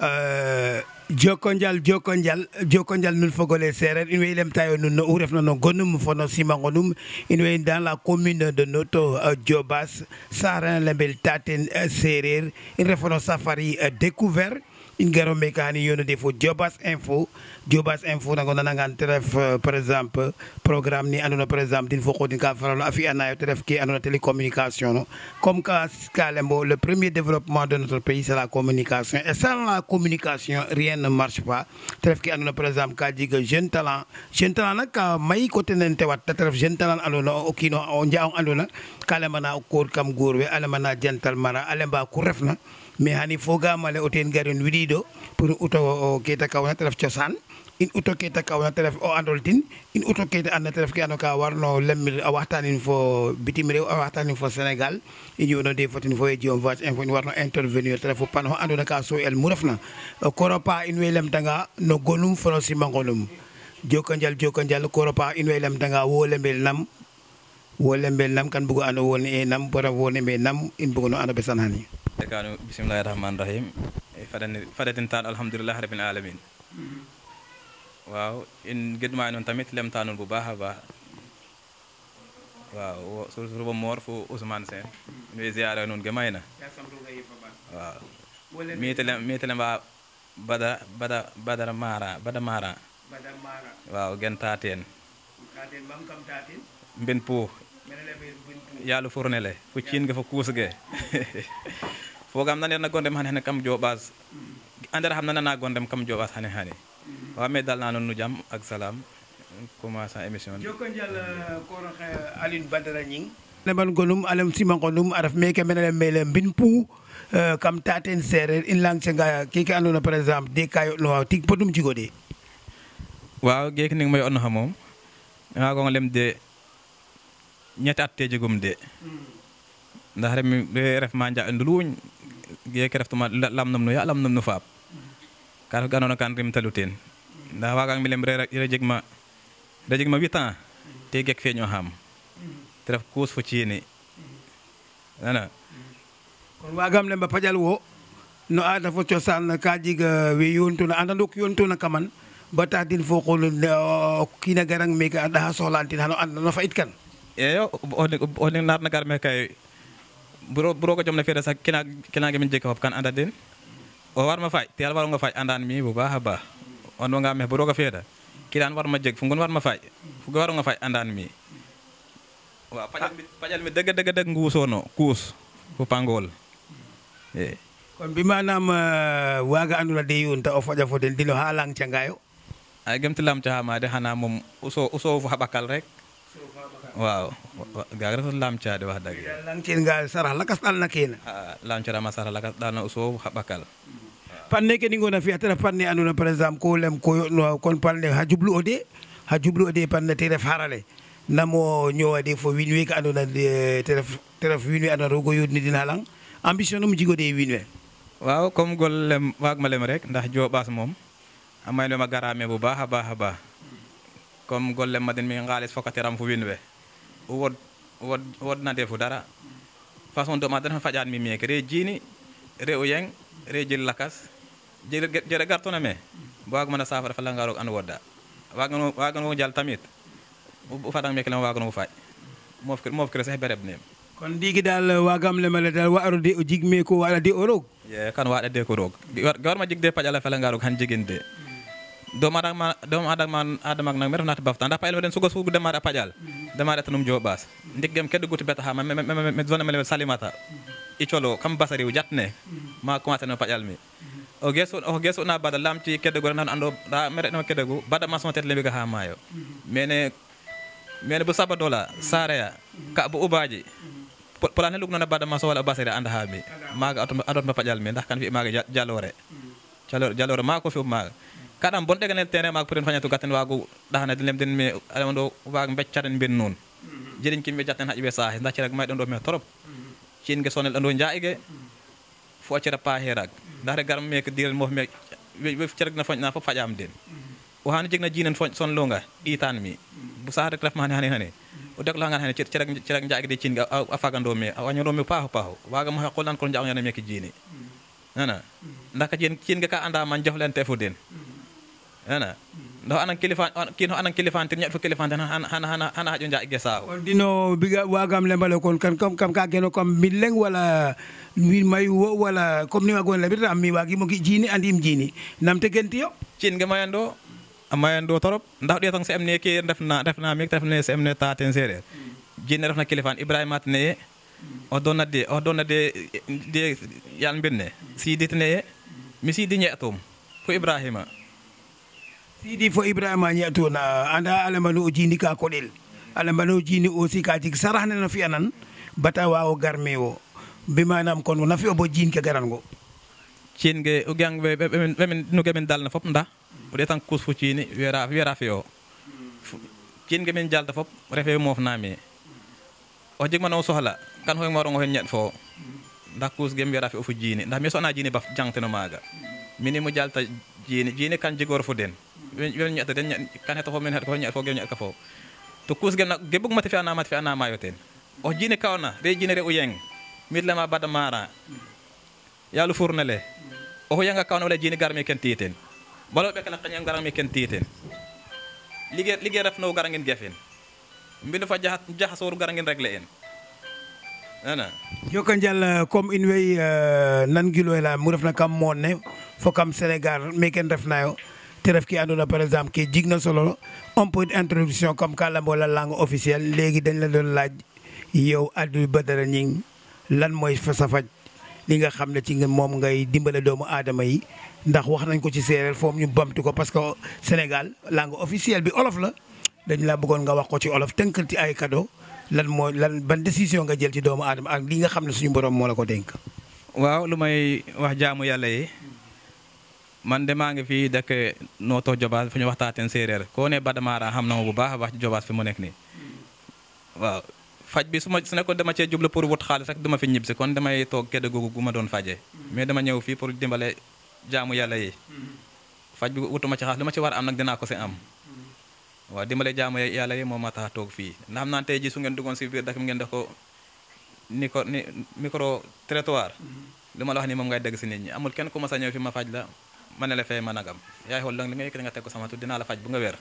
Euh, jokonjal jokonjal jokonjal nun fogole sereer in way lemtayo nun no oxu refna no gonum fo no simangonum in way dans la commune de noto euh, Diobass Sarane Lembel Taten sereer in refo no safari euh, découvert ingaro mekani yonode fo jobas info jobas info nango nanangan te ref par exemple programme ni andona par exemple din fo qoodin ka faralo a fiyanayo te ref ke andona télécommunication no comme ka lembo le premier développement de notre pays c'est la communication et sans la communication rien marche pas te ref ke andona par exemple ka jiga jeune talent jeune talent nak ka may côté nen te wat te ref jeune talent andona o kiino o njaong a lembana jantal mara a lemba ku mais hani fogamale o ten gari on pour uto keta kawna te ref cosan in uto keta kawna te ref o andol in uto keta anna te ref ando ka warno lemmir a waxtanin fo bitim rew a waxtanin fo sénégal i ñuno de fotin fo ye jom voice info in warno intervenir te fo pan ho andona ka so el mu refna koropa in way lemtanga no gonum fo no simangonum jokonjal jokonjal koropa in way lemtanga wo lembel nam wo lembel ekaano bisimillahi rahmani rahim faɗani faɗatintaɗo alhamdulillahi alamin waaw en geɗɗuma e noon tamit lemtanol bo baaha baaha waaw surtout bo moor fo ousmane sen mi ziyara noon ge mayna waaw miyetele mba bada bada badara bada mara waaw gen taten mben po yaalo fournele fo ciinge fo kuusge fogam nanirna gonɗem hane hene kam jooɓas andara xam nanana gonɗem kam jooɓas hane hane waame dalna nuun no jaam ak salam commence émission joko njal euh, kooro xe Alioune Badara Gning neɓan gonum alam simangonum a ref meke mene le mele mbin pou euh, kam taten sereer in lang cenga keke andoona par exemple de ka yoɗnoxa tig podum jigode waaw geek ning ma yoɗnoxa moom waagong lem de ñetti te jegum de hmm. ndax ref ma nja nduluñ yekereftumaa lamdum no ya lamdum no faap ka ref ga andoona yee kan rimtalu teen ndaa waagang mi lem re jegma re jegma ref kuus fo ciini kon waagam lem ba pajal wo no aada fo cosaan ka jeg we yoontuna anda ndook yoontuna kaman ba tax din fo qul kiin a garang meeke a ɗaxa soxlaan tin xano and no fa it kan eyo o ndeng naat na gar meeke kay buroga jom no feere sah kenaga min jikka fof kan anda den o warma faaj te ala waronga faaj andanmi bo baaha baa on wonga meh buroga feeta kiɗan warma jeg fugon warma faaj fugo waronga faaj andanmi waaw paƴal mi dëgg dëgg dëgg nguusono kuus fo pangol eyi kono mbimanam euh, waaga anduna yonta o foƴa foten dilo ha laŋ cangayo ay gemti lamca ha made hana mom uso usowo fo haɓakal rek waaw gaga reta lamcade wax dage lamcen ga sara lakas ɗalna kene ah, lamcadama sara lakas ɗalna o soow xa ɓakal panne ke fiya te ref panne andona par exemple ko lem ko yoɗnoa kon panne xa jublu o de xa jublu o de panne te ref xarale namo ñoowade fo wiin we ke andona e, te ref wiin we andona roog o yodnidin lang ambition num jigode wiin we waaw comme gol lem waagma lem rek ndax jooɓaas moom a maynoma garame bu baax a baax a baax comme golle maden mi haalis fokkateram fo winɓe wod wod wodnade fo dara façon dom adan faƴanmi meke re jini re o yeng re jel lakas jere gartona me wagmana safara falanga roog an wodda wagano jal tamit o fadang meke len waganomo faƴ mofkire seh bereb nim kono ndigi dal wagam lemale dal waɗode o jigme ko waɗade o roog ye kan waɗade ko roog ge warma jigde paƴala felanga roog han jiginde doomu adama doomu adama adama nak mera nati bafta anda payel den sugo sugo a paƴal demare tanum jobas ndiggem kedde guti beta ha mi zone mele salimata i kam basariw jatne ma commencé no paƴal mi o geso o geso na bada lamti kedde gore nan ando da mere lembi ga ha mayo mene mene bu saba dola sareya ka bu ubaji polane lugno na bada maso wala basari anda ha mi maga atom atom paƴal mi ndax kan fi maga jallore jallore jallore fi maga kaɗam bon ɗeganel terrain maga pour en fañatu gaten waago ɗahanade lem den mi alema ɗo waag beccaɗen mben noon jeɗin kimɓe jatten haƴɓe saahe daccirag mayɗen ɗo men trop a sonel ɗo jaigue fo accira paaherag dare garam meke diren mof me ceragna foñɗa fof faƴam den o hani jegna jinen sonlonga ɗitan mi bo saaha rek rafma hane hane hane o deklohagan hane cerag jaigue de cinga a fagando me a wañoro me paaho paaho wagamo qolnan kon jaoñana meke jini nana daka jin ana do anan kilifa kino anan kilifantir ñoɗo fof kilifantir hana hana haƴo jaƴgue sawo ndino biga lembale kon kan comme kam ka keno kam min leng walla min mayu wo walla comme ni wagon labirta am mi wagimo jiini andim jiini namte gentiyo cingue mayan ɗo mayan ɗo torop daw ɗiya tan so emne ke refna refna mik refne so emne refna kilifan ibrahima tene o donnade o donnade de yalbinne siiditine mi siidi ñeetum fo ibrahima sidi fo ibrahima ñatuna anda alamano o jini ka koɗel alamano o jini aussi ka jeg sarax ne no fi'anan bata wawo garme wo mbi manam kon na fi'o bo jin ke garango cin ge o gang no gemin dalna fop nda o ɗetan kus fo cini wera wera fi'o cin ge min jalta fop refe mofnami o jegmano o sohla kan hoye warongo hen ñaɗ fo ndax kuus gem wera fi'o fo jini ndax mi so'na jini baf jangteno maaga mini mo jalta jini jini kan jegoro weññaɗata ten kan heto fo men heɗa ko ñaɗa fo gem ñaɗa ka fof to kuusgena gebugmate fiyanamate fiyanamayo ten o na kawna re jinere o yeng midlema bada mara yalu furne le o hoyanga kawna wala jini garmi ken titen baloɓe kala kañen garmi ken titen ligue ligue refnowo garangin gefen mbino fa jaha jaha soworu garangin régle en ana jokonjal euh, comme in wey euh, nangilo la mu refna kam moon ne kam sénégal me ken te ref ki andoona par exemple ke jigna solo un peu d'introduction comme ka lambo la langue officielle léegi dañ la doon laaj yow Aliou Badara Gningue lan mooy sa faj li nga xam ne ci moom ngay dimbale doomu aadama yi ndax wax nañ ko ci séeréer foofu ñu bamtu ko parce que Sénégal langue officielle bi olof la dañ laa bëggoon nga wax ko ci olof tënkal ci ay kado lan mooy lan ban décision nga jël ci doomu adama ak li nga xam ne suñu borom moo la ko dénk. waaw lu may yàlla man de maa ngi fii dëkk Nooto Jobaas fu ñu waxtaateen séeréer koo ne Badamara xam na bu baax a baax ci Jobaas fi mu nekk nii waaw faj bi su ma su nekkoon dama cee jublu pour wut xaalis rek duma fi ñibbisi kon damay toog kedde googu gu ma doon fajee hmm. mais dama ñëw fii pour dimbale jaamu yàlla yi hmm. faj bi wutuma ci xaalis lu ma ci war am nag dinaa ko si am hmm. waaw dimbale jaamu yàlla yi moom ma tax toog fii ndax xam naa tey ji su ngeen duggoon si biir dëkk bi ngeen def ko ni ko ni micro trottoir li ma la wax ni moom ngay dégg si nit ñi amul kenn ku ma sa ñëw fi ma faj la man ne la fee mën a gam yaay xool lan li nga yëkkati nga bu nga wér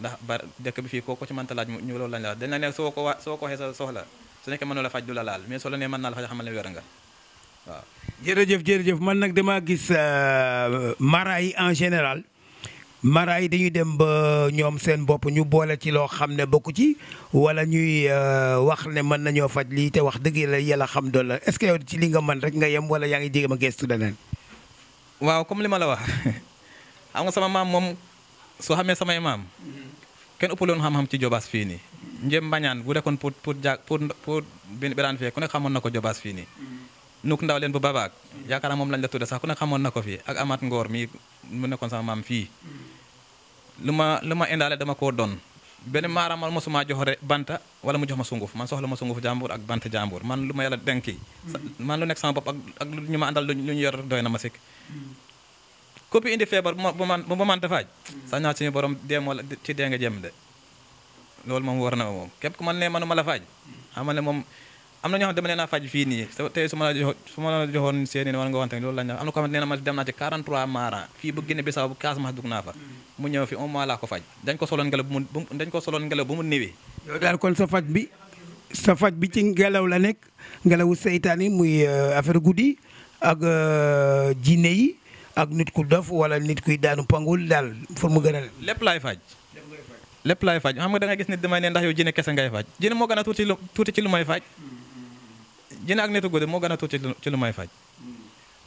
ndax ba dëkk bi fii kooku ci mënta laaj ñu loolu la dañ la ne soo ko wa soo ko waxee sa soxla su nekkee mënu la faj du la laal mais soo la nee mën naa la faj xamal jërëjëf jërëjëf man nag damaa gis euh, mara yi en général mara yi dañuy dem ba ñoom seen bopp ñu boole ci loo xam ne bokku ci wala ñuy euh, wax ne mën nañoo faj lii te wax dëgg la yàlla xam doon la est-ce que yow ci li nga mën rek nga yem wala yaa ngi jéem a gestu leneen waaw comme li ma la wax xam nga sama maam moom soo xamee samay maam mm-hmm. kenn ëppaloon xam-xam ci jobaas fii nii njëm mbañaan bu dekkoon pour pour ja pour pour biraan fee ku nekk xamoon na ko jobaas fii nii mm-hmm. nuk ndaw leen bu babaak mm-hmm. yaakaar moom lañ la tudde sax ku nekk xamoon na ko fii ak amaat ngoor mii mu nekkoon sama maam fii lu ma lu ma indaale dama koo doon benn maaramal mosuma jox banta wala mu jox ma sunguf man soxla ma sunguf jàmbur ak bant jàmbur man lu ma yàlla denki man lu nekk sama bopp ak lu ñu ma àndal lu ñu yor doy na ma sikk indi feebar bu ma bu ma manta faaj sax naa suñu borom dem wala ci dee nga jëm de loolu moom war na ma moom képp ku man ne mënuma la faaj xamal moom am na ñoo xam ne dama leen a faj fii nii tey su ma la jox su ma la joxoon seen i war nga waxante loolu la ñu am xam ne laa ko faj dañ ko soloon ngelaw bu ko soloon ngelaw bu mu néwee sa faj bi sa faj bi ci ngelaw la nekk ngelawu seytaane muy euh, affaire guddi ak euh, jinne nit ku dof wala nit kuy daanu pangul daal pour mu gën a lépp laay faj lépp laay faj da nga gis nit damay ne ndax yow jinne kese ngay faj jinne moo gën a tuuti tuuti ci lu may faj jën ak netu godé moo gën a tuuti ci lu may faj.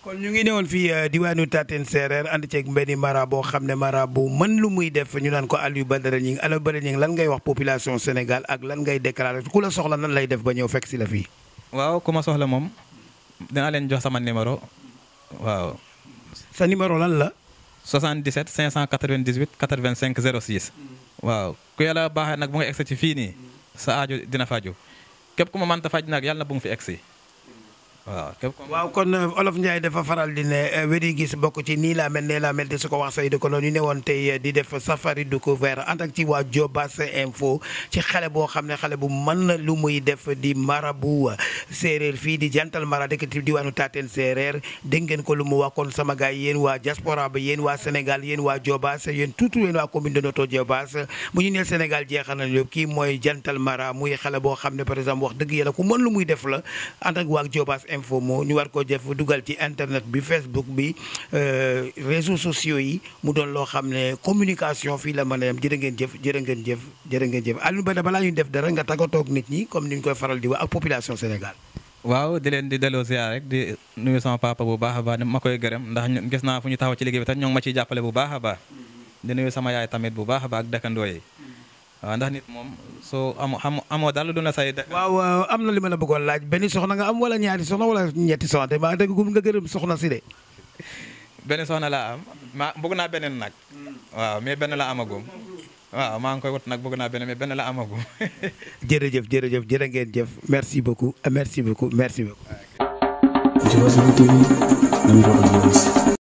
kon ñu ngi newoon fii euh, diwaanu Taten Seereer ànd ceeg mbenn mara boo xam ne mara bu mën lu muy def ñu naan ko yu Badara Gning Alieu bari Gning lan ngay wax population Sénégal ak lan ngay déclaré ku la soxla nan lay def ba ñëw fekk si la fii. waaw ku ma soxla moom dinaa leen jox sama numéro waaw. sa numéro lan la. 77 598 85 06. waaw ku yàlla baaxee nag bu nga egsi ci fii nii. sa aajo dina faju képp ku ma mënta faj nag yàlla na bu fi egsi waaw waaw kon euh, olof Ndiaye dafa faral di ne euh, wéri gis bokk ci nii laa mel nee laa mel te su ko wax say dëkk noonu ñu ne woon tey euh, di def safari découverte ànd ak ci waa Diobass info ci xale boo xam ne xale bu mën lu muy def di marabu séeréer fii di jantal mara dëkk ci diwaanu Taten séeréer dégg ngeen ko lu mu wax kon sama gars yéen waa diaspora ba yéen waa Sénégal yéen waa Diobass yéen tuuti yéen waa commune de Noto Diobass bu ñu nee Sénégal jeexal na yëpp kii mooy jantal mara muy xale boo xam ne par exemple wax dëgg yàlla ku mën lu muy def la ànd waa Diobass info moo ñu war koo jëf dugal ci internet bi Facebook bi euh, réseaux sociaux yi mu doon loo xam ne communication fii la mën a yem jërë ngeen jëf jërë ngeen jëf jërë ngeen jëf Alioune Bada balaa ñuy def dara nga tàggatoog nit ñi comme ni ñu koy faral di wax ak population Sénégal. waaw di leen di delloo ziar rek di nuyu sama papa bu baax a baax ma koy gërëm ndax gis naa fu ñu taxaw ci liggéey bi tam ñoo ngi ma ciy jàppale bu baax a baax. di nuyu sama yaay tamit bu baax a baax ak yi waaw ah, ndax nit moom soo amoo xam amoo daal doon la say. waaw am na li ma la bëggoon laaj benn soxna nga am wala ñaari soxna wala ñetti soxna te maa dégg gum nga gërëm soxna si de. benn soxna la am maa bëgg naa beneen nag. waaw mais benn la amagum. waaw maa ngi koy wut nag bëgg naa benn mais benn la amagum. jërëjëf jërëjëf jërë ngeen jëf merci beaucoup merci beaucoup merci beaucoup.